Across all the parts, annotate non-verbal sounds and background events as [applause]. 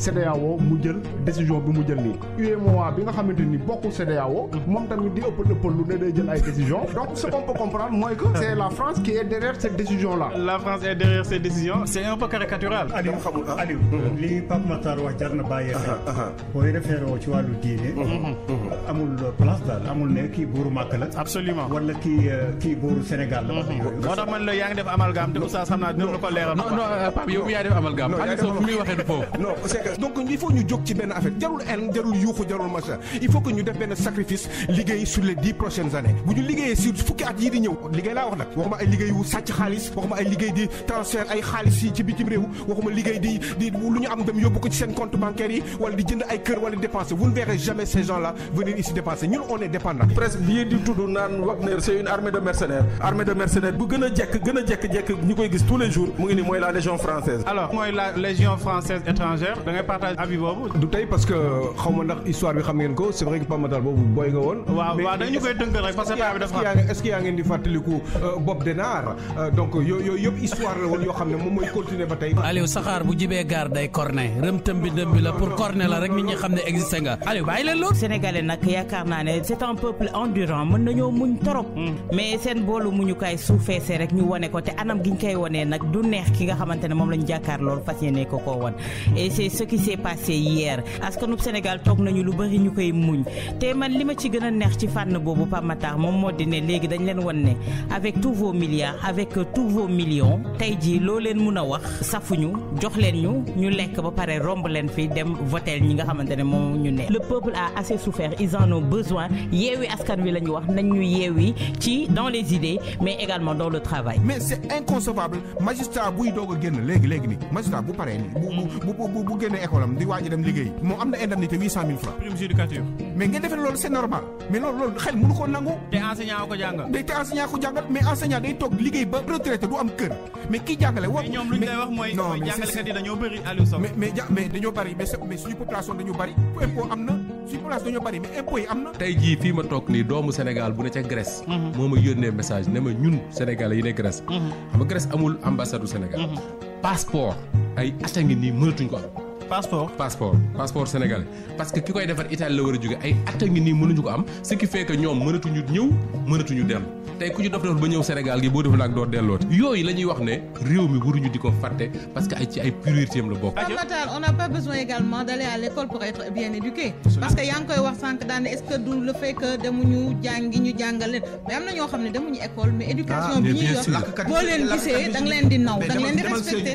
CEDEAO mu jël décision bi mu jël nii UEMOA bi nga xamante ni bokkul CEDEAO moom tamit di ëppal ëppal lu ne day jël ay décision [laughs] donc ce qu'on peut comprendre mooy que c'est la France qui est derrière cette décision là la France est derrière cette décision c'est un peu caricatural Aliou xamul ah. Aliou li Pape Matar wax jar na bàyyi xel ah, ah, booy référé woo ci wàllu diine mm-hmm, mm-hmm. amul place daal amul ne kii buuru màkk la absolument wala kii euh, kii buuru Sénégal la mm-hmm. moo tax man la yaa ngi def amalgame te oustaz xam naa dina la ko leeral non non euh, Pape yow yaa def amalgame Aliou Sow fu muy waxee du foofu donc il faut ñu jóg ci benn affaire jarul en jarul yuuxu jarul machin il faut que ñu def benn sacrifice liggéey sur les dix prochaines années bu ñu liggéeyee sur fukki at yii di ñëw liggéey laa wax nag waxuma ay liggéey sàcc xaalis waxuma ay liggéey di transfert ay xaalis yi ci bitim réew waxuma liggéey di lu ñu am dem yóbbu ko ci seen compte bancaire yi wala di jënd ay kër wala dépenser vous ne verrez jamais ces gens venir ici dépenser ñun a jekk gën a jekk-jekk ñu koy gis tous les jours mu ngi ni mooy la légion française alors mooy la légion da ngay partage avis boobu. du tey parce que xaw ma ndax histoire bi xam ngeen ko c' est vrai que Pape Matar boobu booy nga woon. waaw waaw dañu koy dënk rek parce que yaa ngeen di fàttaliku euh, Bob Denard euh, donc yooyu yëpp la woon yoo xam ne moom mooy continuer ba tey. Aliou saxaar bu jibee gaar day cornet rëmtëm bi dëmb la pour cornet la rek nit ñi xam ne existé nga Aliou bàyyi leen loolu. Sénégalais nag yaakaar naa ne c' est peuple endurant mën nañoo muñ torop mm. ce qui s'est passé hier askanub Sénégal toog nañu lu bëri ñu koy muñ te man li ma ci gën a neex ci fànn boobu Pape Matar moom moo di ne léegi dañ leen won ne avec tous vos milliards avec tous vos millions tey jii loo leen mun a wax safuñu jox leen ñu ñu lekk ba pare romb leen fi dem votel ñi nga xamante ne moom ñu ne. le peuple a assez souffert ils en ont besoin yeewi askan wi la ñu wax nañ ñu yeewi ci dans les idées mais également dans le travail. mais c'est inconcevable magistrat buy doog a génn léegi léegi nii magistrat bu paree nii génnee école am di waaj dem liggéey moom am na indemnité huit cent mille francs prime judicature mais ngeen defee loolu c'est normal mais loolu loolu xel mënu ko nangu te enseignant ko jàngal day te enseignant ko jàngal mais enseignant day toog liggéey ba retraité du am kër mais kii jàngale wax ñoom lu ñu lay wax mooy jàngalekat yi dañoo bëri Aliou Sow mais mais dañoo bëri mais suñu population dañu bëri impôt am na suñu population dañoo bëri mais impôt yi am na tey jii fii ma toog nii doomu Sénégal bu ne ca Grèce mhm. moo ma yónnee message ne ma ñun Sénégalais yi ne Grèce mhm. xam nga Grèce amul ambassade du Sénégal mhm. passeport ay at a ngi nii mënatuñ ko am passeport passeport passeport sénégalais parce que ki koy defar Italie la war a jóge ay at a ngi nii mënuñu ko am ce qui fait ñoom mënatuñu ñëw mënatuñu dellu tey ku ñu dof dof ba ñëw Sénégal gi boo defa naag doo dellooti yooyu la wax ne réew mi waruñu di ko fàtte parce que ay ci ay priorité la bokk on n'a pas également d'aller à l'école pour koy wax sànq daan ñoo xam ne demuñu éducation ah, bi ñuy yor boo leen gisee da leen di naw da leen di respecté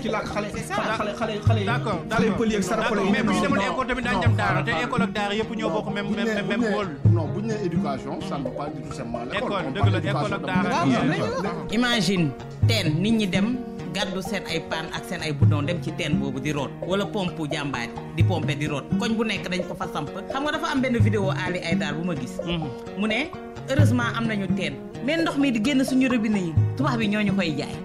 c'est ça saraxule yi mais bu yëpp ñoo bokk même même même bool. non bu ñu nee éducation imagine teen nit ñi dem gàddu seen ay paan ak seen ay bouddon dem ci teen boobu di root wala pompe jàmbaar di pompe di root koñ bu nekk dañ ko fa samp xam nga dafa am benn vidéo Ali daal bu ma gis mhm. mu ne heureusement am nañu teen mais ndox mi di génn suñu robinet yi tubaax bi ñoo ñu koy jaay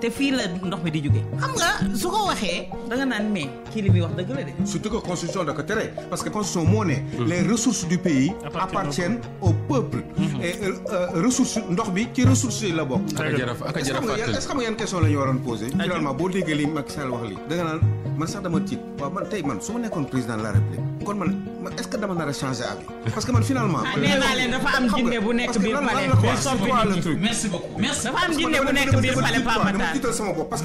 te fii la ndox mi di jóge xam nga su ko waxee da nga naan mais kii li muy wax dëgg la de. surtout que constitution da ko tere parce que constitution moo ne. Hmm. les ressources du pays. appartiennent au peuple. Hmm. Euh, euh, ressources ndox bi ci ressources yi la bokk. ak est-ce que xam nga yan question la ñu waroon posé. finalement boo déggee li Macky Sall wax lii. da naan man sax dama tiit waaw man tey man su ma nekkoon président de la république kon man. man est-ce que dama nar a changer avis. parce que man finalement. Ah, nee dafa am jinne bu nekk biir palais. bu nekk biir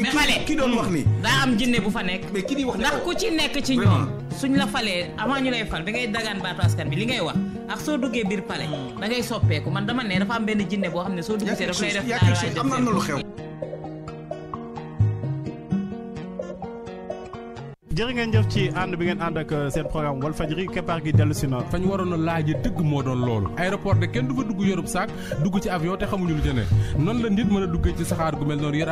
que ki ki hmm, am jinne bu fa nekk. mais ki di wax ndax ku ci nekk ci ñoom. suñ la falee avant ñu lay fal bi ngay dagaan baatu askan bi li ngay wax. ak soo duggee biir palais. da ngay soppeeku man dama ne dafa am benn jinne boo xam ne soo dugg see daf lay def. yaa am na lu xew. jërë ngeen jëf ci ànd bi ngeen ànd ak euh, seen programme Walfadjri keppaar gi dellu si na fañ waroon a laaje dëgg moo doon loolu aéroport kenn du fa dugg yorub saak dugg ci avion te xamuñu lu ca ne noonu la nit mën a duggee ci saxaar gu mel noonu yor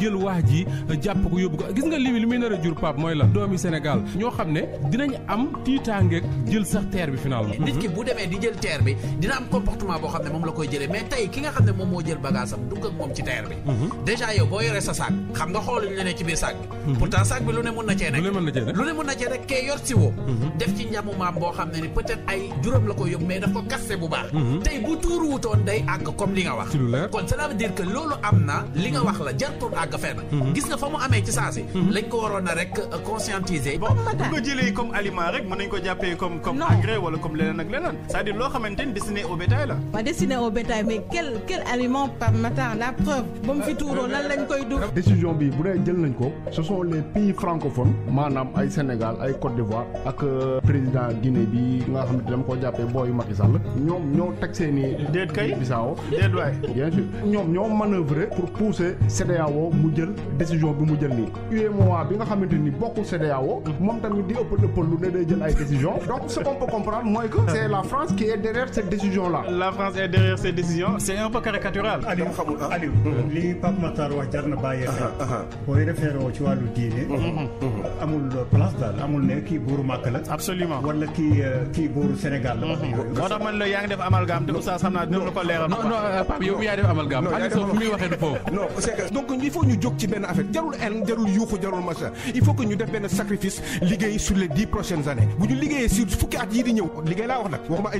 jël wax ji euh, jàpp ko yóbbu ko gis nga limi li muy nar a jur pap mooy la doomi Sénégal ñoo xam ne dinañ am tiitaangeeg jël sax terre bi finalement nit ki bu demee di jël terre bi dina am comportement boo la koy jëlee mais tey ki nga am dugg ak ci terre bi déjà yow boo yoree sa sac xam nga xooluñu la ne ci biir sac bi pourtant sac bi lu ne mën na cee nekk lu ne mën na cee nekk kee yor si woo def ci njamu maam boo xam ne ni peut ay juróom la ko yóbbu mais ko kaste bu baax mhm. tey bu tuuruwutoon day àgg comme li nga wax kon cela veut dire loolu am na li nga wax la jartul àgg fenn mhm. gis nga fa mu amee ci saasi mhm. lañ ko waroon a rek euh, conscientiser bon bu ko jëlee comme aliment rek mën preuve ba mu fi tuuroo lan lañ koy dóor. décision bi bu dee jël nañ ko ce sont les pays francophones maanaam ay Sénégal ay Côte d'Ivoire ak euh, président Guinée bi nga xam ne dama ko jàppee booyu Macky Sall ñoom ñoo teg seen i. déet kay Bissau déet waay. bien sûr ñoom ñoo manœuvrer pour pousser CEDEAO mu jël décision bi mu jël nii. UEMOA bi nga xamante ni bokkul CEDEAO. moom tamit di ëpp ëppal lu ne day jël ay décision donc ce mooy que c'est la France qui est derrière li Pape Matar wax jar na bàyyi xel booy référé woo ci wàllu diine mhm, mhm, mhm. amul place daal amul ne kii buuru Màkk la absolument kii euh, buuru Sénégal la moo tax man la yaa ngi def amalgame te oustaz xam naa dina la ko leeral non non euh, muy waxee du foofu non c'est donc il faut ñu jóg ci benn affaire jarul en jarul yuuxu jarul macha il faut que ñu def benn sacrifice liggéey sur les dix prochaines bu ñu liggéeyee sur fukki at yii di ñëw liggéey laa wax nag waxuma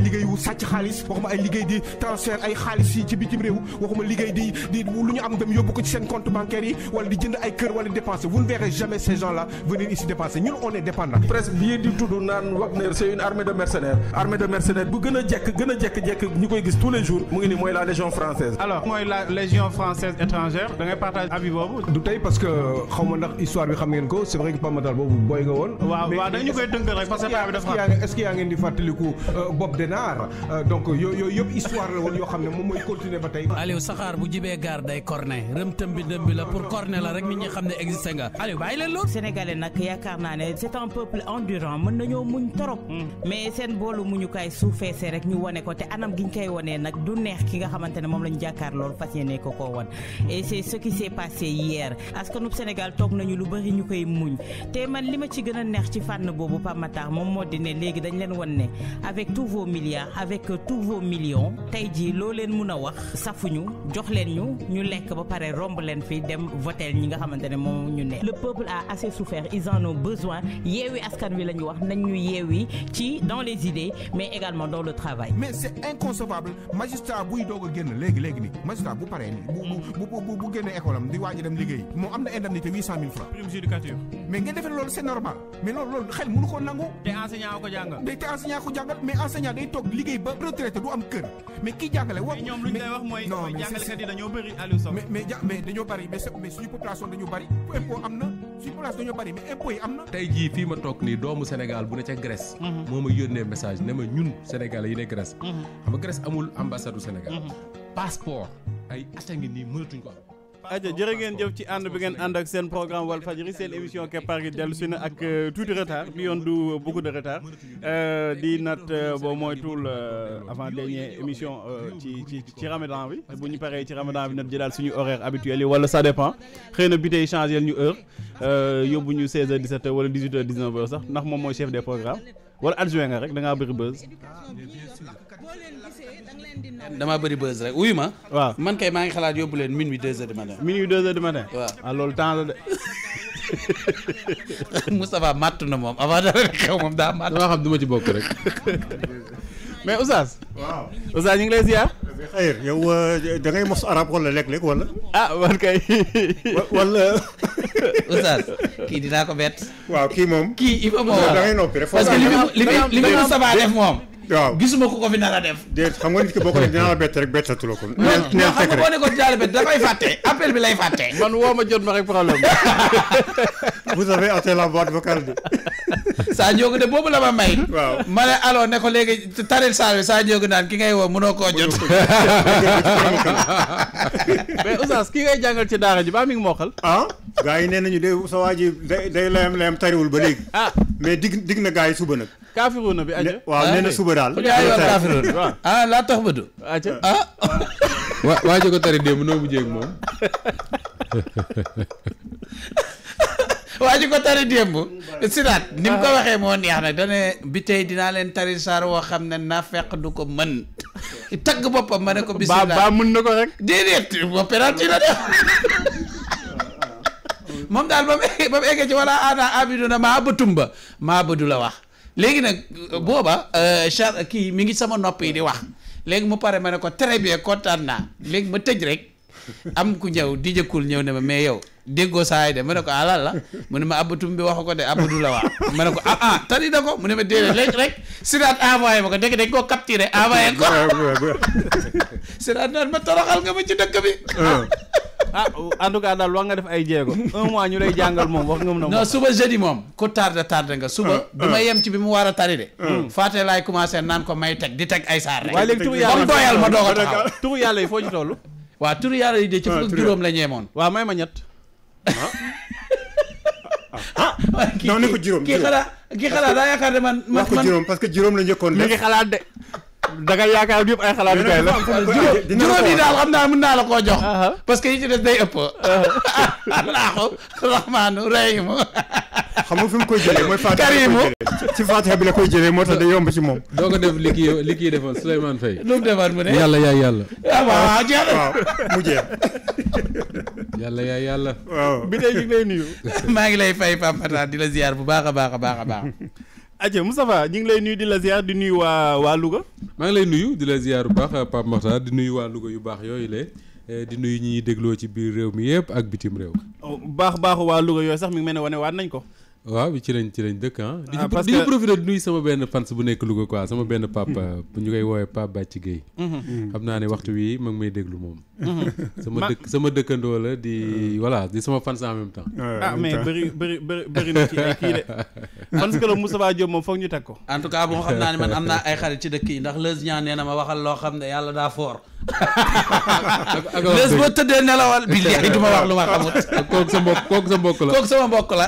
lu ñu am dem yóbbu ko ci seen compte bancaire yi wala di jënd ay kër wala dépenser vous ne verrez jamais ces gens là venir dépenser ñun on est dépendant. presque lii di tudd naan Wagner c'est une armée de mercenaires armée de mercenaires bu gën jekk jekk-jekk ñu koy gis tous les jours mu ngi ni mooy la légion française alors mooy la légion française étrangère da partage avis boobu. du tey parce que xaw ndax histoire bi xam ngeen ko c'est vrai que Dakar day corné rëmtëm bi dëmb la pour corné la rek nit ñi xam ne existé nga Aliou bàyyi leen loolu sénégalais nag yaakaar naa ne c'est un peuple endurant mën nañoo muñ torop hmm. mais seen boolu muñu kaay suufeesee rek ñu wane ko te anam gi ñu koy wanee nag du neex ki nga xamante ne moom lañu jàkkaar loolu fas yéene ko koo wan et c'est ce qui s'est passé hier askanub Sénégal toog nañu lu bëri ñu koy muñ te man li ma ci gën a neex ci fànn boobu Pape Matar moom moo di ne léegi dañ leen wan ne avec tous vos milliards avec tous vos millions tey jii a wax safuñu jox leen ñu ñu lekk ba pare romb leen fii dem votel ñi nga xamante ne moom ñu ne le peuple a assez souffert ils en yeewi askan wi la wax nañ yeewi ci dans les idées mais également dans le travail. mais c'est inconcevable magistrat buy doog a génn léegi léegi nii magistrat bu paree nii. bu bu bu bu génnee école di waaj a dem liggéey. moom am na indemnité huit mais nga defee loolu c'est normal mais loolu loolu xel mënu ko nangu. te enseignant ko jàngal. mais enseignant day Aliou Sow mais mais ja mais dañoo bari mais mais suñu population dañu bari impôt am na suñu population dañoo bari mais impôt yi am na. tey jii fii ma toog nii doomu Sénégal bu ne ca Grèce. Mhm. moo ma yónnee message ne ma ñun Sénégalais yi ne Grèce. Mhm. xam nga Grèce amul ambassade du Sénégal. Mhm. ay at ngi nii mënatuñ ko am. aja jërë ngeen jëf ci ànd bi ngeen ànd ak seen programme Walfadjri seen émission keppaar gi dellu si na ak euh, tuuti retard bi yoon du beaucoup de retard euh, di nat euh, boo moytuwul avant dernière émission ci ci ci ramadan bi bu ñu paree ci ramadan bi nat jëlaat suñu horaire habituel yi wala sa dépend xëy na bi tey changé ñu heure yóbbu ñu 16h 17h wala 18h 19 sax ndax moom mooy chef des programmes wala adjoint nga rek da ngaa bëri buzz damaa bari buzz rek wuyu ma. waaw man kay maa ngi xalaat yóbbu leen minuit deux heures de matin. minuit deux heures du matin. waaw ah loolu temps la de. [laughs] Moustapha màtt na moom avant rek xew moom daa màtt. dama xam du ci bokk rek. [laughs] mais Oustaz. waaw Oustaz ñu ngi lay ziar. Eh, xayr yow euh, da ngay mos arab wala léeg-léeg wala. ah man kay. wala. [laughs] kii dinaa ko bett. waaw kii moom. kii il faut ma woo da ngay noppi rek. parce que li li li li Moustapha def moom. waaw gisuma ku ko fi nar a def. xam nga nit ki boo ko def dinaa la bett rek bettatu la bett bi lay fàtte. [laughs] man woo ma jot ma rek problème [laughs] vous avez atteint la boîte vocale [laughs] de. boobu la ma may. waaw ma ne alors ne ko léegi tareel saa bi Sa Ndiogou naan ki ngay woo mënoo koo jot. mais Oustaz ki ngay jàngal ci daara ji ba mi ngi mokkal. ah gars yi nee nañu de sa waa ji day day layam layam tariwul ba léegi. ah mais dig dig na gars yi suba nag. kaafiruuna bi aju. waaw nee na ah, suba daal ah laa tax ba du ah waa waa joko noo mujjee ak moom [laughs] waa ko tari démb sidaat ni mu ko waxee moo neex nag bi tey dinaa leen tari saar woo xam ne du ko mën [laughs] tagg boppam ma ne ko bisimilah ba mën na ko rek déedéet ba penalty la def [laughs] moom daal ba mu eggee ba mu eggee ci wala maa ba tumba maa ba du la wax léegi nag booba euh, char kii mi ngi sama nopp yi di wax léegi mu pare ma ne ko très bien kontaan naa léegi ma tëj rek am ku ñëw di jëkkul ñëw ne ma mais yow déggoo saay de ma ne ko alal ah, la mu ne ma abatum bi waxu ko de abadu la waa ma ne ko ah ah na ko mu ne ma déedéet léegi rek siraat ko dégg dañ koo capturé envoyé ko [laughs] ma toroxal nga ma ci dëkk bi ah en tout cas nga def ay jéego un mois ñu jàngal moom wax nga a non moom ku tarde nga suba du bi mu war a tari de laay commencé naan ko may teg di teg ay saar rek waaye léegi turu yàlla doyal ma doog a de ci la ñeemoon may ma ñett Ah, ah. Ah, ah non ne ko juróom kii xalaat kii yaakaar man. wax ko juróom la njëkkoon def xalaat de. da ngay yaakaar yëpp ay xalaat kay la juróom yi daal xam naa mën naa la koo jox. parce que yi ci des day ëpp. [laughs] allahu rahmaanu rahimu. xam nga fi mu koy jëlee mooy Fatiha bi la koy jëlee ci Fatiha bi la koy yomb ci moom. doo ko def li kii li kii defoon Souleymane Faye. lu mu mu ne yàlla yaay yàlla. waaw waaw mu jeex. [laughs] yàlla yaay yàlla. waaw bi dee ñu ngi lay nuyu. [laughs] maa ngi lay fay Pape Matar di la ziar bu baax a baax a baax a baax. Adja [laughs] Moustapha ñu ngi lay nuyu di la ziar di nuyu waa waa Louga. maa ngi lay nuyu di la ziar bu baax Pape Matar di nuyu waa Louga yu baax yooyu le eh, di nuyu ñuy dégloo ci biir réew mi yëpp ak bitim réew. Oh, baax baaxu waa Louga yooyu sax mi ngi mel ne wane waat nañ ko. waaw ci lañ ci lañ dëkk ah. ah parce que di sama benn fans bu nekk Louga quoi sama benn papa. [laughs] ñu koy woowee Pape Bathie Gueye. Mhm. xam déglu moom. Mm-hmm. sama dëkk sama dëkkandoo la di mm. voilà di sama fans en même temps. ah mais bëri bëri bëri na ci ay kii de. [laughs] fans que la Moustapha Diop moom foog ñu teg ko. en tout cas xam naa ne man am naa ay xarit ci dëkk yi ndax les ñaan nee na ma waxal loo xam ne yàlla daa foor. les boo tëddee nelawal bi lii du wax lu ma xamut. [laughs] kooku sa mbokk kooku sa mbokk la kooku sama mbokk la.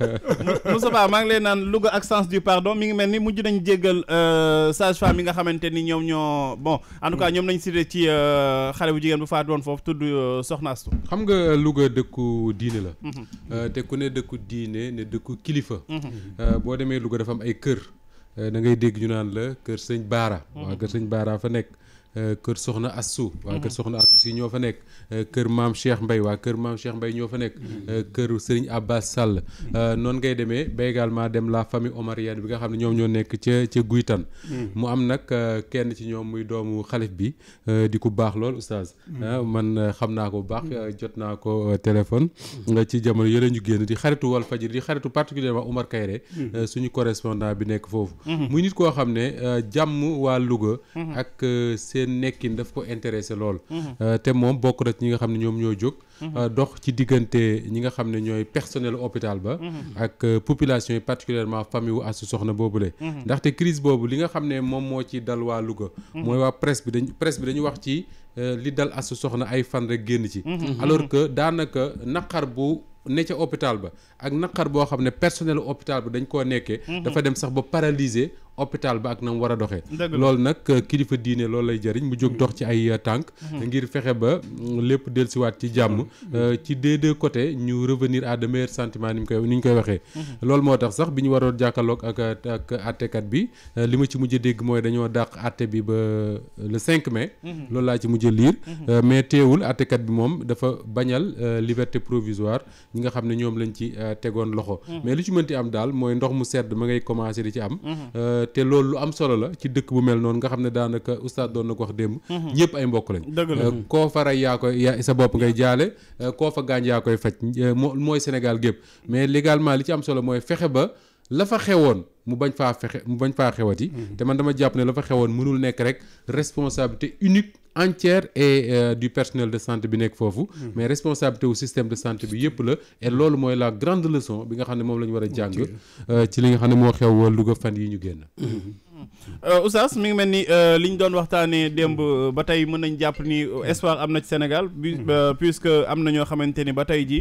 [laughs] Moustapha maa ngi lay naan Louga ak sens du pardon mi ngi mel ni mujj nañ jéggal euh, sage femme yi nga xamante ni ñoo bon en tout cas ñoom lañ cité ci euh, xale jigéen bu faa doon foofu tudd euh, Soxna xam nga Louga dëkku diine la mhm. euh, te ku ne dëkku diine ne dëkku kilifa mhm. euh, boo demee Louga dafa am ay kër da ngay dégg ñu naan la kër sëñ Baara mhm. waaw kër sëñ Baara fa nekk Euh, kër Soxna Assou. waa kër mhm. Soxna Assou si ñoo fa nekk. Euh, kër maam Cheikh mbay waa kër maam Cheikh mbay ñoo fa nekk. Mhm. Euh, kër sëriñ Abbas Sall. noonu ngay demee ba également dem la famille omarienne bi nga xam ne ñoom ñoo nekk ca ca Guytan. Mhm. mu am nag kenn ci ñoom muy doomu xalif bi di ku baax lool oustaz. Ah, man xam naa ko bu baax jot naa ko téléphone. ci jamono yële ñu génn di xaritu wal fajir di xaritu particulièrement Omar Kayre. suñu correspondant bi nekk foofu. muy seen nekkin daf ko intéressé lool. Mhm. Euh, te moom bokk na ci ñi nga xam ne ñoom ñoo jóg. Mhm. Euh, dox ci diggante ñi nga xam ne ñooy personnel hôpital ba. Mhm. ak euh, population yi particulièrement famille wu asu soxna boobule. ndaxte crise boobu li nga xam ne moom moo ci dal waa Louga. mooy waa presse bi dañ presse bi dañu wax ci li dal asu soxna ay fan rek génn ci. alors que daanaka naqar bu. ne ca hôpital ba ak naqar boo xam ne personnel hôpital ba dañ koo nekkee dafa dem sax ba paralyser hôpital ba ak na mu war a doxee loolu nag euh, kilifa diine loolu lay jariñ mu jóg dox ci ay euh, tànk mm-hmm. ngir fexe ba mm, lépp dellusiwaat ci jàmm mm-hmm. euh, ci des deux côtés ñu revenir à de ni ñu koy ni koy waxee mm-hmm. loolu moo tax sax bi ñu waroon jàkkaarloog ak ak àttekat bi li ma ci mujj dégg mooy dañoo dàq àtte bi ba le cinq mais loolu laa ci mujj liir mais teewul àttekat bi moom dafa bañal liberté provisoire ñi nga xam ne ñoom lañ ci tegoon loxo mais lu ci mënti am daal mooy ndox mu sedd ma ngay commencé di ci am te loolu lu am solo la ci dëkk bu mel noonu nga xam ne daanaka oustaz doon na ko wax démb mhm. ñëpp ay mbokk lañ dëgg la euh, koo fa rey yaa koy sa bopp ngay jaale euh, koo fa gaañ yaa koy faj euh, mooy Sénégal gépp mais légalement li ci am solo mooy fexe ba la fa xewoon mu bañ faa fexe mu bañ faa xewati mhm. te man dama jàpp ne la fa xewoon mënul nekk rek responsabilité unique entière et euh, du personnel de santé bi nekk foofu mhm. mais responsabilité wu système de santé bi yëpp la et mhm. loolu mooy la grande leçon bi nga xam ne moom la ñu war a jàng euh, ci li nga xam ne moo xew Louga fan yi ñu génn Euh, Oustaz mi ngi mel ni euh, li ñu doon waxtaanee démb euh, ba tey mën nañ jàpp ni espoir am na ci Sénégal. Mhm. que am na ñoo xamante ni ba tey ji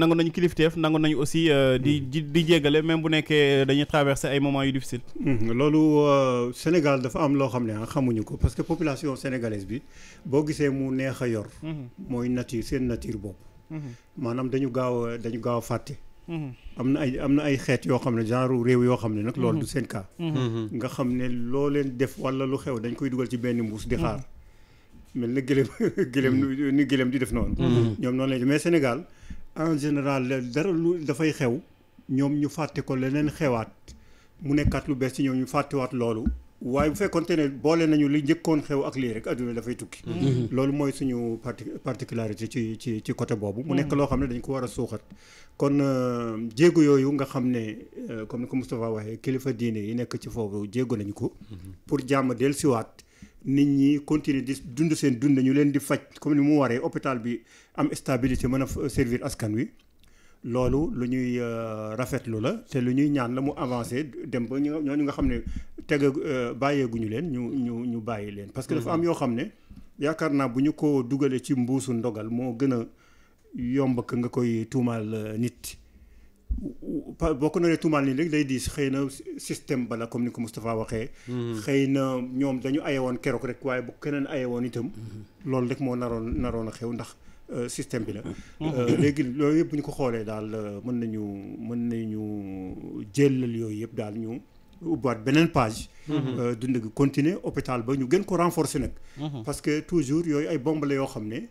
nangu nañu kilifteef nangu nañu aussi mhm. di di jéggale même bu nekkee dañuy traverser ay moments yu difficile. Mhm. loolu Sénégal dafa am loo xam ne ah xamuñu ko parce que population sénégalaise bi boo gisee mu neex a yor. mooy nature seen nature bopp. maanaam dañu gaaw fàtte. Mm-hmm. am na ay am na ay xeet yoo xam ne genre réew yoo xam ne nag loolu mm-hmm. du seen cas mm-hmm. nga xam ne loo leen def wala lu xew dañ koy dugal ci benn mbuus di xaar mel na gëlëm [laughs] gëlëm ni gëlëm di def noonu ñoom noonu lañ mais Sénégal en général dara lu dafay xew ñoom ñu fàtte ko leneen xewaat mu nekkaat lu bees ci ñoom ñu fàttewaat loolu waaye bu fekkoonte ne boole nañu li njëkkoon xew ak lii rek adduna dafay tukki. Mm-hmm. Mm-hmm. loolu mooy suñu parti particularité ci ci ci côté boobu. mu mm-hmm. nekk loo xam ne dañ ko war a suuxat. kon euh, jéegu yooyu nga xam ne euh, comme ni ko Moustapha waxee kilifa diine yi nekk ci foofu jéego nañu ko. pour jàmm dellusiwaat. nit ñi continuer di dund seen dund ñu leen di faj comme ni mu waree hôpital bi am stabilité mën a servir askan wi. loolu lu ñuy euh, rafetlu la te lu ñuy ñaan la mu avancé dem ba ñoo ñooñu nga xam ne teg euh, bàyyeeguñu leen ñu ñu ñu bàyyi leen. parce que dafa am mm-hmm. yoo xam ne yaakaar naa bu ñu ko dugalee ci mbuusu ndogal moo gën a yomb ak nga koy tuumaal euh, nit. boo ko naree tuumaal nii rek day diis xëy na système bala comme ni ko Moustapha waxee. Mm-hmm. xëy na ñoom dañu ayewoon keroog rek waaye bu keneen ayewoon itam. Mm-hmm. loolu rek moo naroon naroon a xew ndax. Euh, système bi la. Mm-hmm. Euh, léegi loolu yëpp bu ñu ko xoolee daal euh, mën nañu mën nañu jëlal yooyu yëpp daal ñu ubbaat beneen page. Mm-hmm. dund gi continuer hôpital ba ñu gën ko renforcer nag. Mm-hmm. parce que toujours yooyu ay bombe la yoo xam ne.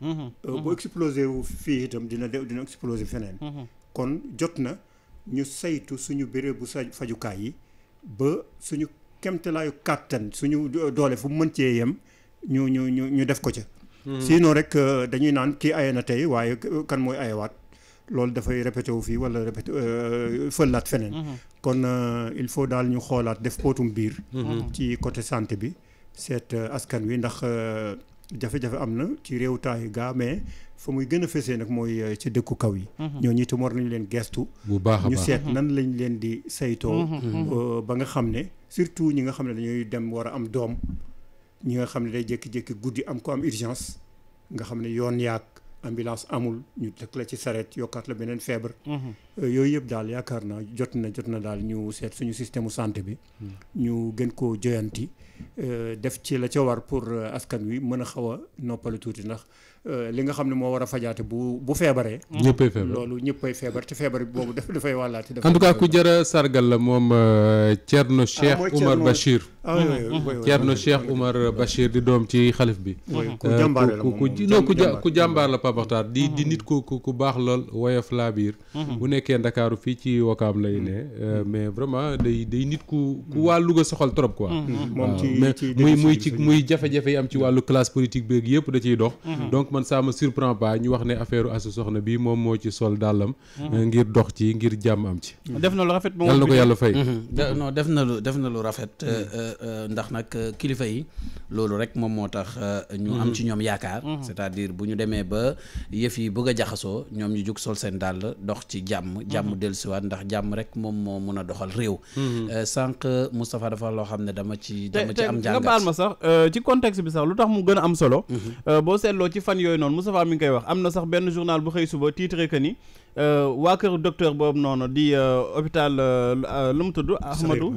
bu explosé wu fii itam dina dina explosé feneen. kon jot na ñu saytu suñu bérébu sa fajukaay yi ba suñu kemtalaayu kàttan suñu doole fu mu mën cee yem ñu ñu ñu ñu def ko ca. Mhm. sinon rek euh, dañuy naan kii aye na tey waaye euh, kan mooy ayewaat lool dafay répété wu fii wala répété euh, fëllaat feneen mhm. kon il faut daal ñu xoolaat def pootum biir mhm. ci côté santé bi seet askan wi ndax jafe-jafe am na ci réew taayu gaa mais fa muy gën a fesee nag mooy ci dëkku kaw yi ñooñu itam war nañu leen gestu bu baax ñu seet nan lañ leen di saytoo ba nga xam ne surtout ñi nga xam ne dañuy dem war a am doom ñi nga xam ne day jékki-jékki guddi am ko am urgence nga xam ne yoon yaag ambulance amul ñu teg la ci sareet yokkaat la beneen feebar mm-hmm. yooyu yëpp daal yaakaar na jot na jot na daal ñu seet suñu système santé bi hmm. ñu gën koo joyanti euh, def ci la ca war pour euh, askan wi mën a xaw a noppalu tuuti ndax euh, li nga xam ne moo war a fajaate bu bu feebaree hmm. ñëppay feebar loolu ñëppay feebar te feebar boobu daf dafay wàllaati en tout cas ku jëra sargal la moom Thierno ah, Cheikh Oumar Bachir ah, Thierno Cheikh Oumar Bachir di doom ci xalif bi ku jàmbaar la ku ku jàmbaar la Pape Makhtar di di hmm. nit ku ku baax lool woyof laa biir nekkee ndakaaru fii ci wakaam lay ne mm. Euh, mm. mais vraiment day day nit ku ku soxal trop quoi mm. moom muy muy ci muy jafe-jafe yi am ci wàllu classe politique beeg yëpp da ciy dox mm-hmm. donc man ça me surprend pas ñu wax ne affaire asu soxna bi moom moo ci sol dàllam mm-hmm. euh, ngir dox ci ngir jàmm am ci mm-hmm. def na lu rafet yàlla na ko yàlla fay non def na lu na lu rafet euh, ndax nag kilifa yi loolu rek moom moo tax ñu am ci ñoom yaakaar c'est-à-dire bu ñu demee ba yëf yi bëgg a jaxasoo ñoom ñu jug sol seen dàll dox ci jàmm jàmm jàmm mhm. dellusiwaat ndax jàmm rek moom moo mun a doxal réew mhm. euh, sànq Moustapha dafa loo xam ne dama ci dama ci am njàngat nga ma sax euh, ci contexte bi sax lu tax mu gën a am solo mhm. euh, boo seetloo ci fan yooyu noonu Moustapha mi ngi koy wax am na sax benn journal bu xëy suba titre que ni waa kër docteur boobu noonu di hôpital lu mu tudd Ahmadou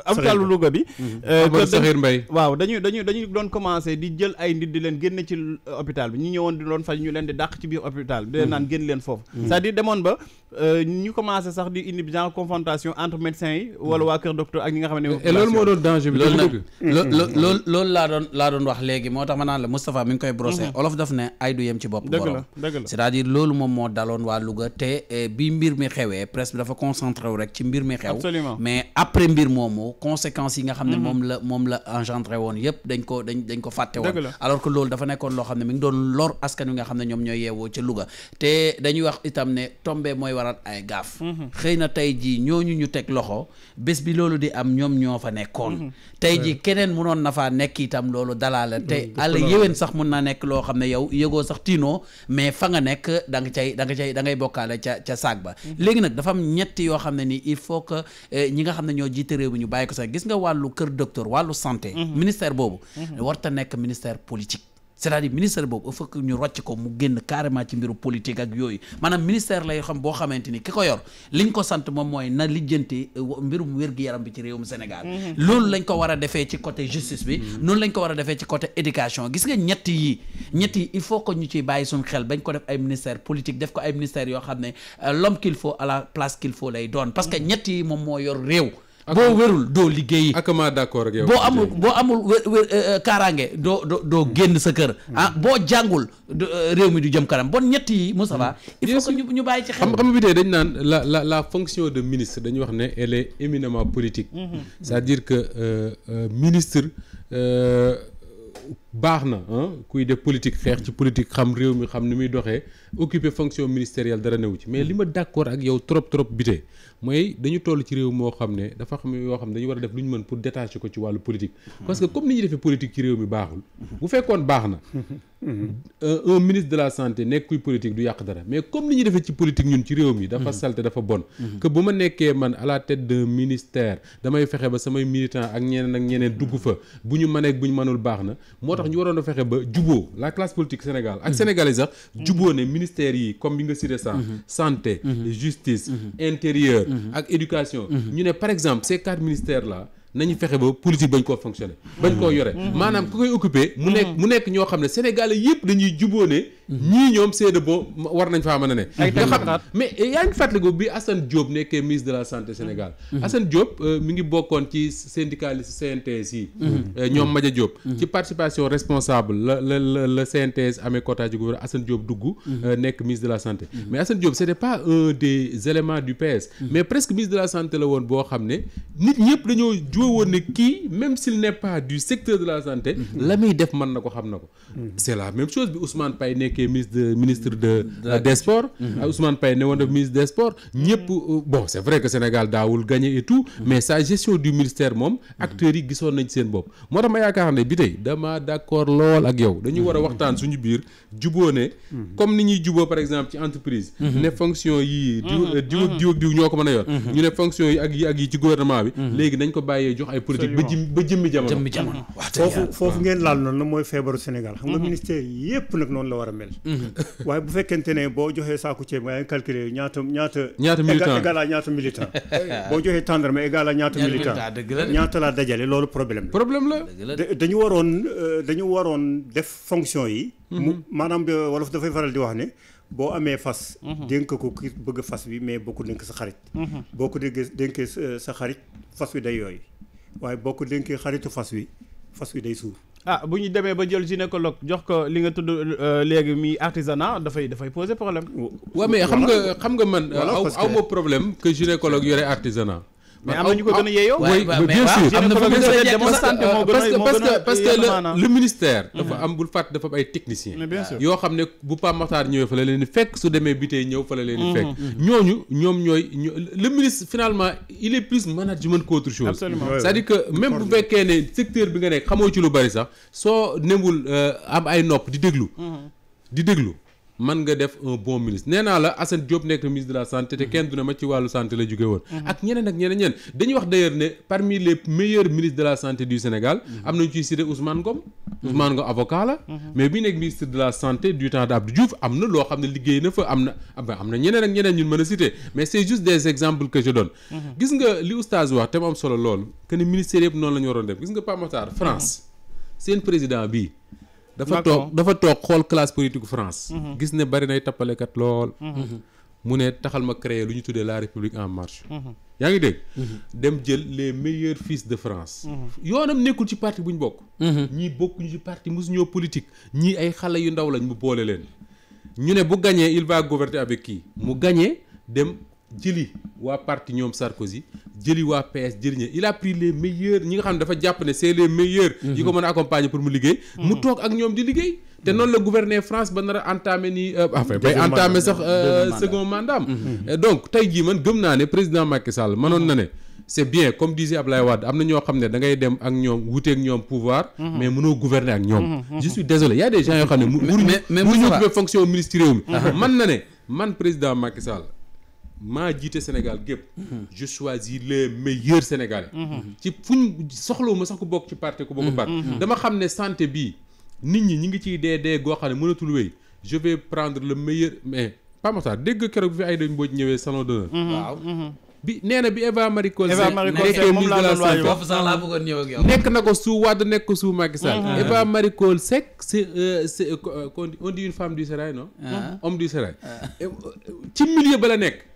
avocatu Louga bi mhm. euh, Saxir Mbaye waaw dañu dañu dañu doon commencé di jël ay nit di leen génne ci euh, hôpital bi ñu ñëwoon di doon faj ñu leen di dàq ci biir hôpital bi di leen mhm. naan génn leen foofu mhm. cest à demoon ba Euh, ñu commencé sax di indi genre confrontation entre médecins yi. wala waa kër docteur ak ñi nga xam ne. moo doon danger bi. loolu nag loolu moo tax ma naan la Moustapha mi ngi koy brosser. Mhm. ci moom eh, mbir mi xewee presse bi dafa concentré wu rek ci mbir mi xew. mais yi nga xam ne mhm. moom la moom la engendré woon yëpp dañ ko dañ dañ ko fàtte woon. alors que loolu dafa nekkoon loo xam ne mi ngi doon lor askan wi nga xam ne ñoom ñooy yeewoo ca Louga te dañuy wax itam ne tombé mooy waral ay gaaf mhm. xëy na tey jii ñooñu ñu teg loxo bés bi loolu di am ñoom ñoo fa nekkoon mhm. tey jii keneen munoon na faa nekk itam loolu dalaala te mm, àll yéwén sax mun naa nekk loo xam ne yow yëgoo sax tiinoo mais fa nga nekk danga cay da nga cay da ngay bokkaale ca ca saag ba mhm. léegi nag dafa am ñetti yoo xam ne nii il faut que eh, ñi nga xam ne ñoo jiite réew mi ñu bàyyi ko sax gis nga wàllu kër docteur wàllu santé ministère boobu warta nekk ministère politique c'est-à-dire ministère boobu il faut que ñu rocc ko mu génn carrément ci mbiru politique ak yooyu maanaam ministère lay xam boo xamante ni ki ko yor liñ ko sant moom mooy na lijjanti euh, mbirum wér-gu-yaram bi ci réewum Sénégal mhm. loolu lañ ko war a defee ci côté justice bi mhm. noonu lañ ko war a defee ci côté éducation gis nga ñett yi ñett yi il faut que ñu ci bàyyi suñ xel bañ ko def ay ministère politique def ko ay ministère yoo xam ne euh, l'homme qu'il faut à la place qu'il lay doon parce que mhm. ñett yi moom moo yor réew boo wérul doo liggéeyi. ak maa d'accord ak yow. boo amul boo amul wér euh, euh, kaaraange doo doo doo hmm. génn sa kër. Hmm. ah boo jàngul euh, réew mi du jëm kanam bon ñett yi Moustapha. Hmm. il ñu ñu bàyyi ci xam xam bi tey naan la la la fonction de ministre dañuy wax ne elle est éminemment politique. cest dire que ministre. baax na kuy de politique xeex ci politique xam réew mi xam ni muy doxee occuper fonction ministérielle dara newu ci mais li ma d'accord ak yow trop trop bité mooy dañu toll ci réew moo xam ne dafa xam yoo xam ne dañu war a def lu ñu mën pour détacher ko ci wàllu politique. parce comme ni ñuy defee politique ci réew mi baaxul. bu fekkoon baax na. Euh, un ministre de la santé nekk kuy du yàq dara mais comme ni ñu defee ci politique ñun ci réew mi. dafa mhm. salte dafa bon. Mhm. que bu ma nekkee man à la tête d'un ministère damay fexe ba samay militant ak ñeneen ak ñeneen dugg fa bu ñu mënee bu ñu mënul baax na moo tax ñu waroon a fexe ba juboo la classe politique Sénégal ak mhm. sénégalais sax jubo ne ministère yi comme bi nga cité sax santé justice intérieur ak éducation ñu ne par exemple ces quatre ministères là. nañu fexe ba politique bañ koo fonctionner bañ koo yore mhm. maanaam ku koy occupé mhm. mu nekk ñoo xam ne sénégalais yëpp dañuy juboone mhm. ñii ñoom c'est bo war nañ faa mën a ne nga xam mais yaa ngi fàttaliku bi assan Diop nekkee ministre de la santé Sénégal Assane Diop euh, mi ngi bokkoon ci syndicaliste CNTS yi euh, ñoom Madia Diop ci participation responsable la la la la CNTS amee quota du gouvernement assan Diop dugg euh, nekk ministre de la santé mais Assane Diop c'était pas un des presque ministre de la santé la woon boo xam ne nit ñëpp dañoo ma woon la santé mhm. la muy def mën na ko xam na ko mhm. c'est la même chose bi Ousmane Paye nekkee ministre de ministre de euh, des sports mhm. ah, Ousmane Paye ne woon def ministre des sports ñëpp euh, c'est vrai que Sénégal daawul gagné et tout mais sa gestion du ministère moom acteurs yi gisoon nañ seen bopp moo tax ma yaakaar ne bi tey dama d'accord lool ak yow dañu war a waxtaan suñu biir juboo ne comme ni ñuy juboo par exemple ci entreprise ne fonction yi diw euh, diw diw ñoo ko mën a yor ñu ne fonction yi ak bi lay jox ay politique ba jëm ba jëmmi jamono mm-hmm. foofu foofu ngeen laal noonu mooy feebaru Sénégal xam nga mm-hmm. ministère yépp nag noonu la war a mel mm-hmm. waaye bu fekkente ne boo joxee saaku ceeb nga calculer ñaata ñaata ñaata militant [laughs] ah. boo joxee tàndarma égal ñaata militant ñaata laa dajale loolu problème problème la euh, dañu waroon def fonction yi mu maanaam wolof dafay faral di wax ne boo amee fas. Mhm. dénk ko ki bëgg fas bi mais boo ko dénk sa xarit. Mhm. boo ko dénkee euh, sa xarit fas wi day yooyu waaye boo ko dénkee xaritu fas wi fas wi day suur. ah bu ñu demee ba jël gynécologue jox ko li nga tudd euh, léegi mi artisanat dafay dafay poser problème. waaw mais xam nga xam nga man. Euh, aw aw ma problème que gynécologue yore artisanat. mais am na ñu ko gën a yeeyoo. waaye bien sûr am na fa parce que parce que parce que le ministère. dafa mhm. am bul fàtt dafa ay techniciens. yoo xam ne bu Pape Makhtar ñëwee fa la leen di fekk su demee bi tey ñëw fa la leen di mhm. fekk. Mhm. ñooñu ñoom ñooy le ministre finalement il est plus management qu'autre chose. absolument c'est-à-dire que même bu fekkee ne secteur bi nga nekk xamoo ci lu bari sax soo newul euh, am ay nopp di déglu. di déglu. man nga def un bon ministre nee la Assane Diop nekk ministre de la santé te mm-hmm. kenn du ne ma ci wàllu santé la jóge woon mm-hmm. ak ñeneen ak ñeneen ñeneen mm-hmm. na loo xam ne liggéey ñun mën a cité mais c'est juste des exemples que je donne gis nga li oustaz wax te mu am solo loolu que ne ministère yëpp noonu la waroon def gis nga Pape Matar France seen président bii dafa toog dafa toog xool classe politique France. Mhm. gis ne bari nay tappalekat lool. Mhm. Mhm. mu ne taxal ma créer lu ñu tuddee la république en marche. yaa ngi dégg. dem jël les meilleurs fils de France. yoonam nekkul ci parti bu ñu bokk. ñii bokkuñu ci parti mosuñoo politique ñii ay xale yu ndaw lañ mu boole leen. ñu ne bu gañee il va gouverner avec kii mu gagné dem. jëli waa parti ñoom Sarkozy jëli waa PS jëli ña il a pris les ñi nga xam ne dafa jàpp ne c'est les meilleurs. yi mhm. ko mën a accompagner pour mu liggéey. Mhm. mu toog ak ñoom di liggéey. te mhm. noonu la gouverner France ba nar a entamé nii euh, enfin bay entamé euh, euh, donc tey jii man gëm naa ne président Macky Sall mënoon na ne. c'est bien comme disait am na ñoo xam ne da ngay dem ak ñoom wuteeg ñoom pouvoir. mais mënoo gouverner ak ñoom. je a des gens yoo xam mais mais mais fonction ministre [laughs] man na ne man président Macky maa jiite Sénégal gépp je choisis les meilleurs sénégalais. ci fuñ soxlawu ma sax ku bokk ci parti ku bokk parti. dama xam ne santé bi nit ñi ñu ngi ciy dee dee goo xam ne mënatul wéy je vais prendre le meilleur mais pas Matar dégg keroog bi fi ay dañ boo ñëwee salon d'honneur. waaw. bi nee na bi Eva Marie Coll Eva Marie Coll moom nekk na ko suu Wade nekk ko suu Macky Sall ah. Eva Marie Coll Seck c'est c'est euh, on dit une du sérail non ah. homme du sérail euh, ci milieu ba la nekk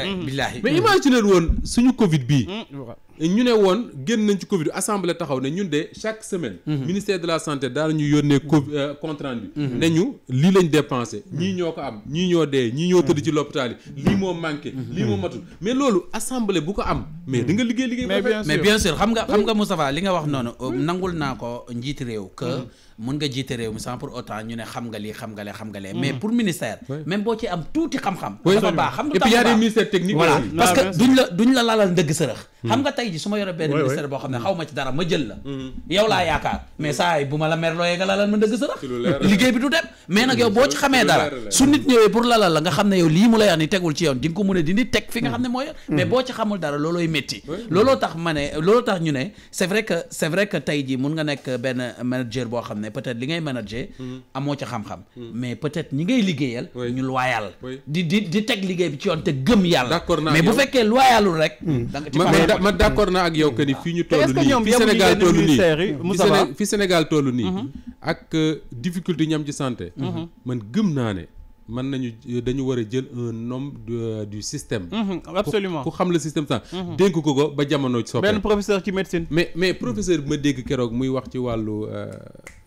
Mmh. mais billaahi mais imaginer woon suñu Covid bii. Mmh. ñu ne woon génn nañ ci Covid assemblée taxaw ne ñun de chaque semaine. Mhm. ministère de la santé daal ñu yónnee euh, compte rendu bi. Mhm. ne ñu lii lañ dépensé. Mhm. ñii ñoo ko am ñii ñoo dee ñii ñoo tëdd ci l'hôpital yi lii moo manqué. lii moo matul mais loolu assemblée bu ko am. mais di nga liggéey liggéey. mais bien sûr mais bien sûr xam nga xam nga Moustapha li nga wax noonu euh, nangul naa ko njiiti réew que. mën nga jiite réew mi pour autant ñu ne xam nga lii xam nga lee xam nga lee mais pour ministère même boo ci am tuuti xam a xam nga tey ji su ma yore benn ministère boo xam ne xaw ma ci dara ma jël la mm-hmm. yow laa yaakaar mais saa yi bu ma la mer looyee nga lalal ma xam ne yow lii mu lay ani tegul ci yoon di nga ko mën a dindi teg fi nga xam ne mooy mm-hmm. mais boo ci xamul dara loolooy métti tey ji mun nga nekk benn manager boo xam ne peut-être li ngay manager mm-hmm. amoo ci xam-xam mais peut-être ñi ngay liggéeyal ñu loyal di di di teg liggéey bi ci yoon te gëm yàlla mais bu fekkee loyalul rek man d'accord na ak yow que ni fii ñu toll nii fi Sénégal toll nii fi Sénégal toll nii ak euh, difficulté ñam ci santé mhm. man gëm naa ne mën nañu euh, dañu war a jël un homme euh, du système mhm, absolument ku xam le système sax mhm. dénk ko ko ba jamono soppee benn professeur ci médecine mais mais professeur bi ma dégg keroog muy wax ci wàllu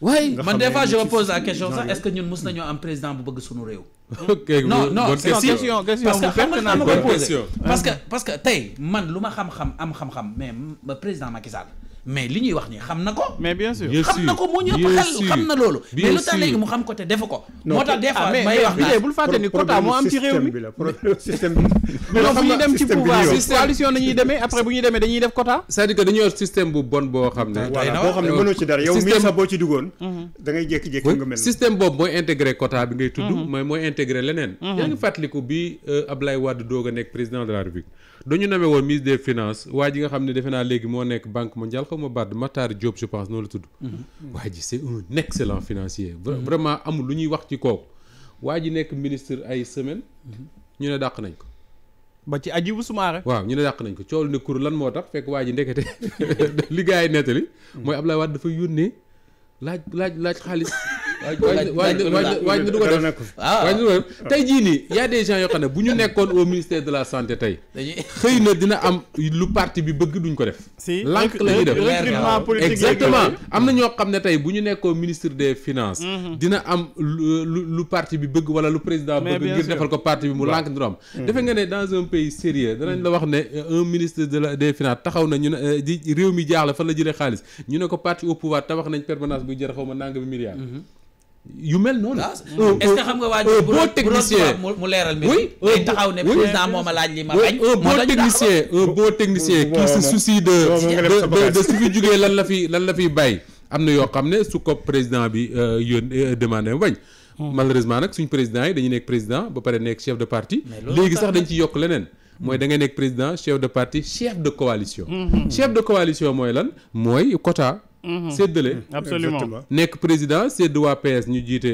waaye man des fois je me pose la question sax est-ce que ñun mos nañoo am président bu bëgg suñu réew. [laughs] non non c'est question parce que xam nga ko posé parce que parce que tey man lu ma xam-xam am xam-xam mais président Macky Sall mais li ñuy wax nii xam na ko. mais bien sûr xam na ko moo ñu xam na loolu. mais lu tax léegi mu xam ko te defu ko. moo tax des fois ah, may wax mais bul [laughs] bu ñuy demee dañuy def quota. c'est-à-dire que dañu yor système bu bon boo xam ne. voilà boo xam ne mënoo ci dara yow mii sax mhm. boobu mooy intégré quota bi ngay tudd. Mhm. mooy mooy intégré leneen. Mhm. yaa ngi fàttaliku bi euh, Ablaye Wade doog a nekk président de dañu name woon ministre des finances waa ji nga xam ne defe naa léegi moo nekk banque mondiale xaw ma baat Matar Diop je pense noonu la tudd. Mhm. waa ji c'est un excellent financier. Mhm. vraiment amul lu ñuy wax ci kook waa ji nekk ministre ay semaine mhm. ñu ne dàq nañ ko. ba ci aji bu sumaare waaw ñu ne dàq nañ ko coow ne kur lan moo tax fekk waa ji ndekete [laughs] li gars yi nettali. mooy Ablaye Wade dafa yónnee laaj laaj laaj xaalis. waaj na du ko def waaj na du ko def tey jii nii y a des yoo xam ne bu ñu nekkoon au ministère de la santé tey xëy na dina am lu parti bi bëgg duñ ko def lànk la ñuy def exactement am na ñoo xam ne tey bu ñu nekkoon ministre de finance mm-hmm. dina am lu lu parti bi bëgg wala lu président bëgg ngir defal ko parti bi mu lànk du mm-hmm. defe nga ne dans un pays sérieux danañ la wax ne euh, un ministre de la des finances taxaw na ñu ne euh, di réew mi jaaxle fan la jëlee xaalis ñu ne ko parti au pouvoir tabax nañ permanence buy jër xaw ma nangami milliards mm-hmm. yu mel noonu. Ah, euh, euh, nga waa euh, ji. boo technicien mu leeral mi. taxaw ne président moo ma laaj li ma bañ. moo tax technicien un de de de su lan la fi lan la fiy bàyyi. am na yoo xam ne su ko président bi yóon demandé ma bañ. Hmm. malheureusement nag suñ président yi dañu nekk président ba pare nekk chef de parti. léegi sax dañ ci yokk leneen. mooy da ngay nekk président chef de parti chef de coalition. Hmm. chef de coalition mooy lan mooy quota. Mm-hmm. séddale. absolument nekk président sédd waa PS ñu jiite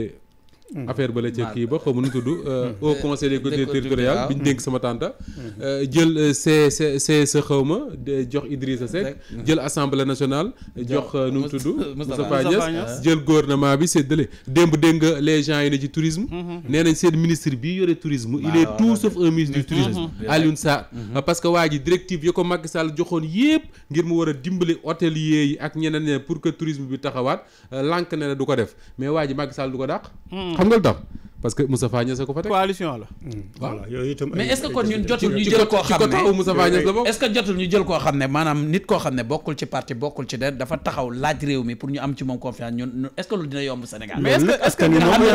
Mhm. affaire bala ca kii ba xaw ma nu tudd. Euh, mhm. au conseil des collectivités territoriales bi ñu dénk sama tànta. Mhm. Euh, jël euh, C C sa e xaw ma jox Idrissa Seck. jël assemblée nationale. jox nu mu tudd Moustapha Niasse jël gouvernement bi séddale. démb dégg nga les gens yi ne ci tourisme. nee seen ministre bi yore tourisme. il a tout sauf un du tourisme. Alioune Sarr. parce waa ji directive yi ko Macky Sall joxoon yépp ngir mu war a dimbali hôteliers yi ak ñeneen pour que tourisme bi taxawaat xam nga lu tax parce que Moustapha Niasse ko fa teg. coalition la. Hmm. mais est ce que ñu jël koo xam ne maanaam nit koo xam ne bokkul ci parti bokkul ci dara dafa taxaw laaj réew mi pour ñu am ci moom confiance ñun loolu dina yomb Sénégal. mais est ce que ni ñuy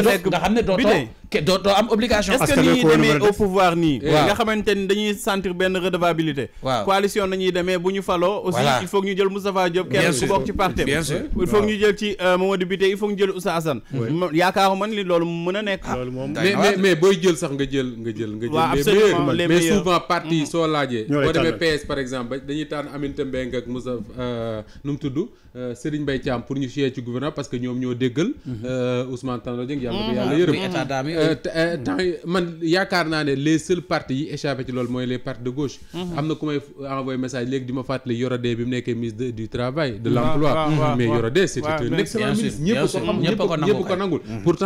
demee au pouvoir nii. nga xamante ni dañuy sentir benn redevabilité. waaw coalition nañuy demee bu ñu faloo. aussi il faut ñu jël Moustapha Diop. kenn ku bokk ci parti il faut que ci Mamadou Biteye il faut que ñu jël Oussa euh, Assane loolu moom mais mais mais booy jël sax nga jël nga jël nga jël mais mais souvent parti yi mm-hmm. soo laajee boo demee PS par exemple dañuy tànn Aminata Mbengue ak Moussa euh, nu mu tudd euh, Serigne Mbaye pour ñu siyee ci gouvernement parce que ñoom ñoo déggal mm-hmm. euh, Ousmane Tanor Dieng yàlla ko mm-hmm. yàlla yërëm temps man yaakaar naa ne les seuls partis yi échappé ci loolu mooy les partis de gauche am na ku may envoyé message léegi di ma fàttali Yorodé bi mu nekkee ministre du travail de ah, l'emploi mais Yorodé c'était un excellent ministre ñëpp ko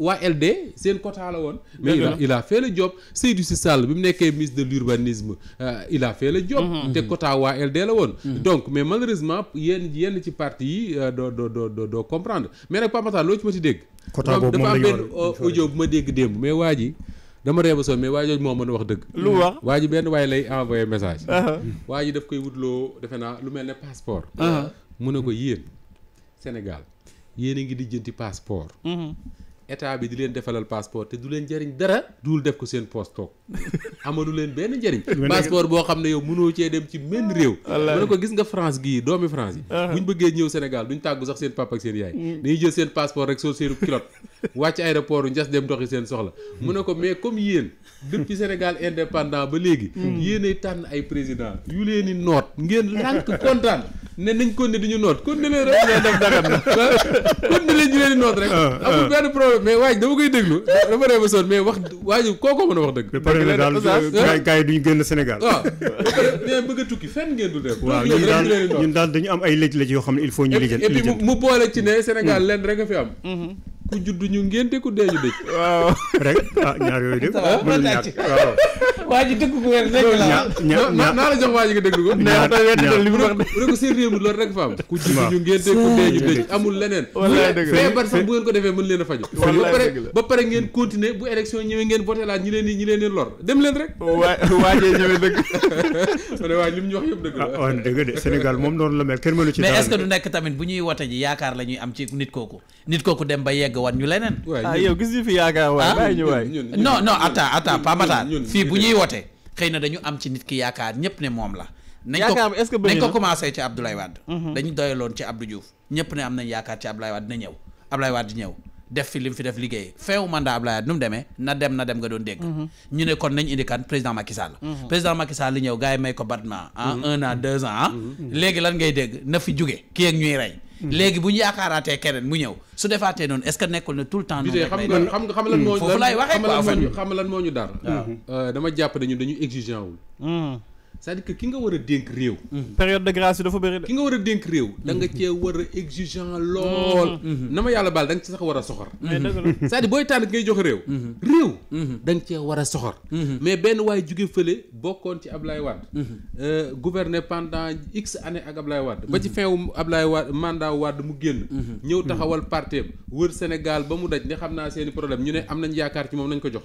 waa LD seen quota la woon. mais il a il a job Seydou Sy Sall bi mu nekkee ministre de l'urbanisme euh, il a fait le job. Mm-hmm. te quota waa LD la woon. Mm-hmm. donc mais malheureusement yenn yenn ci parti yi euh, doo doo doo doo comprendre mais nag Pape Makhtar loo ci ma ci dégg. quota boobu euh, bu ma dégg démb mais waa ji. dama reeba soon mais waa jooju moo mën a wax dëgg lu wax waa ji benn waaye lay envoyé message uh-huh. waa ji daf koy wutloo defe naa lu mel ne passeport uh-huh. mu ne ko yéen Sénégal yéen a ngi di jënti passeport mm-hmm. état bi di leen defalal passeport te du leen jëriñ dara duul def ko seen poste toog [laughs] amalu leen benn njëriñ passeport boo xam ne yow mënoo cee dem ci menn ah, réew mu ne ko gis nga France gii doomi France yi ah. buñ bëggee ñëw Sénégal duñ tàggu sax seen papa ak seen yaay mm. dañuy jël seen passeport rek sol seenu culotte [laughs] wàcc aéroport yu njas dem doxi seen soxla mu ne ko mais comme yéen depuis Sénégal indépendant ba léegi. yéenay tànn ay président yu leen di noot ngeen lànk kontaan ne nañ ko ne duñu noot kon ne leen rek ñu leen di noot rek. Ah, ah. amul benn problème mais waaj dama koy déglu dafa ree ba sonn mais wax waaju kookoo mën a wax dëgg. dëgg la daal gaay gaay duñu génn Sénégal. waaw ah, mais bëgg a tukki fenn ngeen du dem. waaw ñu daal ñun daal dañu am ay lëj-lëj yoo xam ne il faut ñu lijjanti. et puis mu boole ci ne Sénégal hmm. leen rek a fi am. Hmm. ku juddu ñu ngénte ku dee ñu dëj. waaw rek ah ñaar yooyu de. Ah, mënul ñàkk waaw. waa ji dëgg ko rek la li mu wax de. rek seen réew mi loolu rek ko defee leen ba pare ba pare bu élection ñëwee ngeen voté laat ñi leen ñi leen di lor dem leen rek. waa waajee ñëwee dëgg. [laughs] ma ne ah, ah, moom noonu la mel kenn mënu ci. mais est du nekk tamit bu ñuy wote ji yaakaar la ñuy am ci nit kooku nit kooku dem ba yegg nga wan ñu leneen. ah gis ñu fi yaakaar waay ah? bàyyi ñu waay. non non attends attends Pa fii bu ñuy wote xëy na dañu am ci nit ki yaakaar ñëpp ne moom la. yaakaar est-ce que nañ ko commencé ci Abdoulaye mhm. dañu doyaloon ci Abdou Diouf ñëpp ne am nañ yaakaar ci Abdoulaye Wade ñëw Abdoulaye ñëw def fi lim fi def liggéey feewu mandat Abdoulaye nu mu demee na dem na dem nga doon dégg. Mhm. ñu ne kon nañ indi kan président Macky Sall. Mhm. président Macky ñëw gars yi may ko battement en ah, mhm. un an deux ans ah. léegi lan ngay dégg na fi jóge kii ak ñuy rey. léegi bu ñu yaakaaraatee keneen mu ñëw su defaatee noonu est ce que nekkul ne tout le temps. noonu xam nga xam nga xam lan moo ñu. foofu laay waxee quoi xam lan moo ñu dar. Euh, dama jàpp ne ñun dañu exigeant wul. cest à ki nga war a dénk réew. Mm-hmm. période de grâce dafa bëri ki nga war a dénk réew. da nga mm-hmm. cee war a exigeant lool. Mm-hmm. na ma yàlla baal da nga ci war a soxor. c'est-à-dire booy tànn ngay jox réew. réew. da cee war a soxor. mais benn waay jóge fële bokkoon ci ab laay Wade. Euh, gouverner pendant x années ak Ablaye Wade. ba ci fin wu Ablaye Wade mandat Wade mu génn. ñëw taxawal parti wër Sénégal ba mu daj ne xam naa seeni problème ñu ne am nañ yaakaar ci moom nañ ko jox.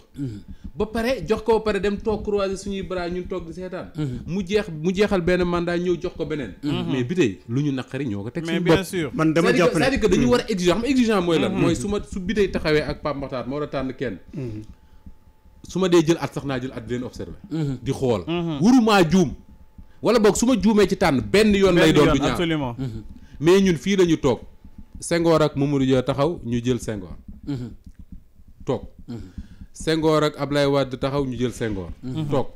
ba pare jox koo ba pare dem toog croiser suñuy bras ñun toog di mu jeex mu jeexal benn mandat ñëw jox ko beneen. Mhm. mais bi tey lu ñu naqari ñoo ko teg. mais bien sûr man dama jàpp ne cest à dañu mhm. war a exigeant xam exigeant mooy lan. Mhm. mooy su ma su bi taxawee ak Pape Mokhtar moo war a tànn kenn. su ma dee jël at sax naa jël at di leen observé. di xool. wurumaa juum. wala boog su ma juumee ci tànn benn yoon. lay doon du ñaar mais ñun fii la toog. sengoor ak Mamadou Dia taxaw ñu jël Senghor. toog. Senghor ak Ablaye Wade taxaw ñu jël Senghor. toog.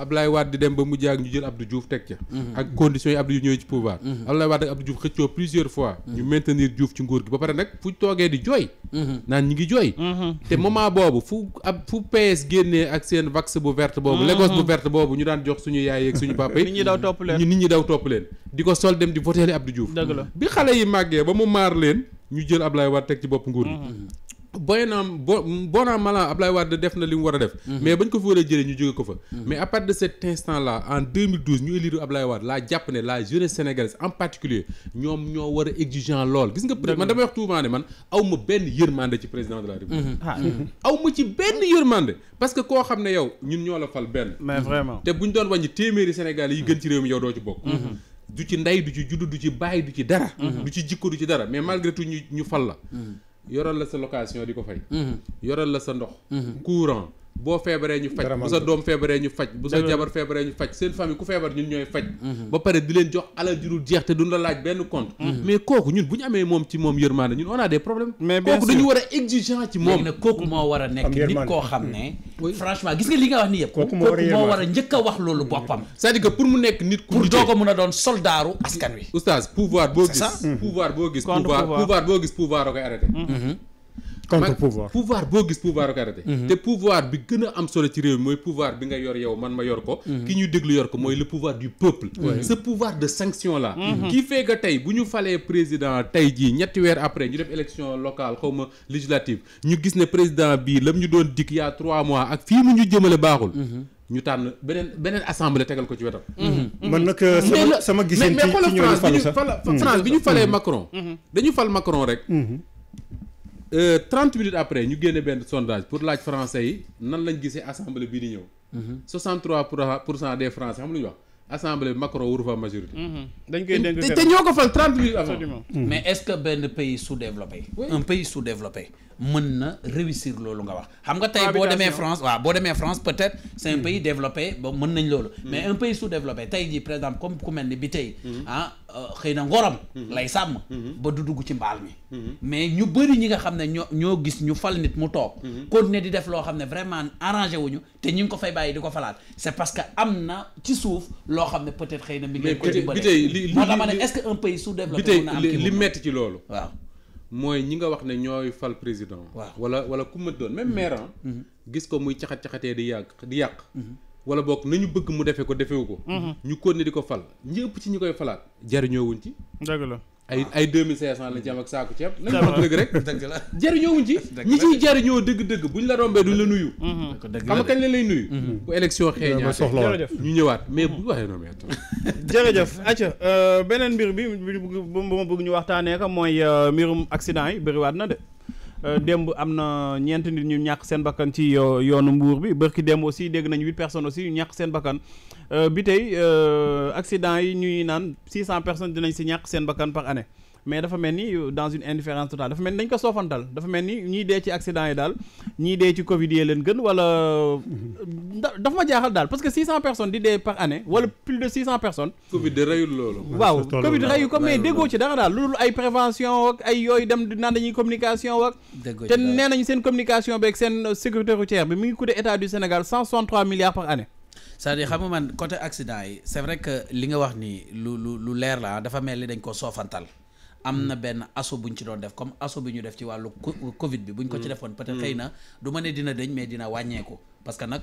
Abdoulaye Wade di dem ba mujj ak ñu jël Abdou Diouf teg ca. Mhm. ak conditions yi Abdou Diouf ñëwee ci pouvoir. Mhm. Abdoulaye Wade ak Abdou Diouf xëccoo plusieurs fois. Mhm. ñu maintenir Diouf ci nguur gi ba pare nag fu toogee di jooy. naan ñi ngi jooy. te moment boobu fu ab fu PS génnee ak seen vax bu verte boobu. Lagos bu verte boobu ñu daan jox suñu yaay yeeg suñu papa yi. [laughs] nit ñi daw topp leen nit ñi daw leen. di ko sol dem di voteeli Abdou Diouf. bi xale yi màggee ba mu maar leen ñu jël Abdoulaye Wade teg ci bopp nguur gi. boye naam bo boonaam def na li mu war a def. Mhm. mais bañ ko fi war a jëlee ñu jóge ko fa. Mhm. mais à partir de cet instant là en 2012 ñu élire Ablaye Wade laa jàpp ne la jeunesse sénégalaise en particulier ñoom ñoo war a exigeant lool gis nga. ma benn yërmande ci président de la République. Mhm. Ah, ma ci benn yërmande parce que koo xam ne yow ñun ñoo la fal benn. mais vraiment te bu ñu doon wàññi téeméeri Sénégalais yi gën ci réew mi yow doo ci bokk. du ci ndey du ci juddu du ci bàyyi du ci dara. du ci jikko du ci dara mais malgré tout ñu ñu fal la. yoral la sa location di ko fay. Mm-hmm. yoral la sa ndox. Mm-hmm. courant boo feebaree ñu faj bu sa doom feebaree ñu faj bu sa jabar feebaree ñu faj seen famille ku feebar ñun ñooy faj mhm. ba pare di leen jox alal ju jeex te duñ la laaj benn compte mhm. mais kooku ñun bu ñu amee moom ci moom yërmaande ñun on a des problèmes mais kooku dañu war a exigeant ci moom kooku moo war a nekk nit koo xam ne franchement gis nga li nga wax ni yëpp kooku moo war a njëkk a wax loolu boppam c'est-à-dire que pour mu nekk nit ku doo ko mun a doon soldaaru askan wi oustaz pouvoir gis mhm. pouvoir boo gis pouvoir gis pouvoir a contre pouvoir boo gis pouvoir karate mhm. te pouvoir bi gën a am solo ci réew mooy pouvoir bi nga yor yow man ma yor ko mhm. ki ñuy déglu yor ko mooy le pouvoir du peuple ce pouvoir de sanction là mhm. qui fait que tey bu ñu falee président tey jii ñetti weer après ñu def élection locale xaw ma législative ñu gis ne président bii lam ñu doon dikk yaa trois mois ak fii mu ñu jëmale baaxul ñu tànn beneen beneen assemblée tegal ko ci wetam. man nag euh, sama sama giseen ci ñooñu falu sax mais xoolal France bi ñu falee Macron dañu fal Macron 30 euh, minutes après ñu génne benn sondage pour laaj français yi nan lañ gisee assemblée bii di ñëw. 63 mhm. pour cent des français xam lu ñu wax. assemblée Macron wuru fa majorité. Mhm. dañ koy dénk te ñoo ko fal 30 minutes avant. mais est-ce que benn pays sous-développé. pays sous-développé. mën na réussir loolu nga wax xam nga tey boo demee France waaw boo demee France peut-être c'est un hmm. pays développé ba mën nañ loolu hmm. mais un pays sous-développé tey jii par exemple comme ku mel ni bi tey hmm. ah, euh, xëy na ngoram lay sàmm ba du dugg ci mbaal mi mais ñu bëri ñi nga xam ne ñoo ñoo gis ñu fal nit mu toog continuer di def loo xam ne vraiment arrangé wuñu te ñu ngi ko fay bàyyi di ko falaat c'est parce que am na ci suuf loo xam ne peut xëy na mi ngi ko dimbale moo tax ma ne est-ce que un pays li metti ci loolu waaw mooy ñi nga wax ne ñooy fal président. waaw wala wala ku ma doon même mhm. maire ah. mhm. gis ko muy caxat caxatee di yàq di yàq. Mhm. wala na ñu bëgg mu defee ko defewu ko. ñu continuer di ko fal ñi ci ñi koy falaat jariñoowuñ ci. dëgg la. ay ay 2500 lañ ci am ak saako ceeb. la nañ ko dëgg rek la. jëriñoo wuñ ci. ñi ciy jëriñoo dëgg-dëgg buñ la rombee duñ la nuyu. dëgg xam kañ lañ lay nuyu. bu élection xeeñaate jërëjëf ñu ñëwaat mais bu waxee noonu jërëjëf acca beneen mbir bi bu ma bëgg ñu waxtaanee ko mooy mbirum accident yi bëriwaat na de. Euh, démb am na ñeenti nit ñu ñàkk seen bakkan ci euh, yoonu mbuur bi bërki démb aussi dégg nañu huit personne aussi ñu ñàkk seen bakkan euh, bi tey accident yi ñuy naan six cent personnes dinañ si ñàkk seen bakkan par année mais dafa mel ni dans une indifférence totale dafa mel ni dañ ko soofantal dafa mel ni ñiy dee ci accident yi daal ñiy dee ci Covid yee leen gën wala mhm. dafa ma jaaxal daal parce que 600 personnes di dee par année wala plus de 600 personnes. Covid de reyul loolu. waaw Covid reyu ko mais déggoo ci dara daal loolu ay prévention ak ay yooyu dem naan dañuy communication ak. te nee nañu seen communication beeg seen sécurité routière bi mu ngi coûté état du Sénégal 163 milliards par année. c'est-à-dire xam nga man que li nga wax ni lu lu lu leer la dafa mel ni dañ ko soofantal. am hmm. na benn asso buñ ci doon def comme asso bi ñu def ci wàllu euh, covid bi buñ ko ci hmm. defoon peut-être hmm. xëy na du ma ne dina dëñ mais dina wàññeeku parce que nag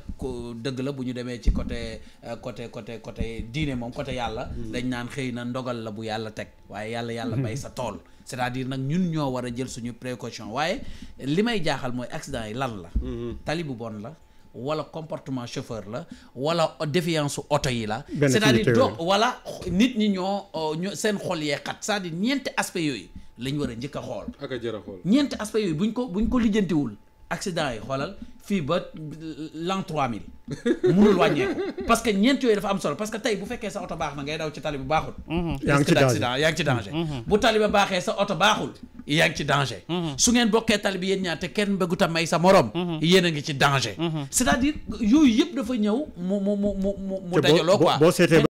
dëgg la bu ñu demee ci côté euh, côté côté côté diine moom côté yàlla dañ naan xëy na ndogal la bu yàlla teg waaye yàlla yàlla bay sa tool c'est-à-dire nag ñun ñoo war a jël suñu précaution waaye li may jaaxal mooy accident yi lan la tali bu bon la wala comportement chauffeur la wala défiance oto yi la c'est-à-dire donc wala nit ñi ñoo euh, ñoo seen xol yee xat cest à ñeenti aspect yooyu lañ war a njëkk a xool ñeenti aspect yooyu buñ ko buñ ko lijjantiwul accident yi xoolal fii ba l'an 3000 mënul wàññeeku parce que ñeent yooyu dafa am solo parce que tey bu fekkee sa oto baax na ngay daw ci tali baaxul. Mhm. yaa ngi ci danger yaa ngi ci danger. Mhm. ba baaxee sa oto baaxul yaa ngi ci danger. Mhm. su ngeen bokkee tali bi yéen ñaar te kenn bëggut a may sa morom. yéen a ngi ci danger. c'est-à-dire yooyu yëpp dafa ñëw mu mu mu mu mu dajaloo quoi.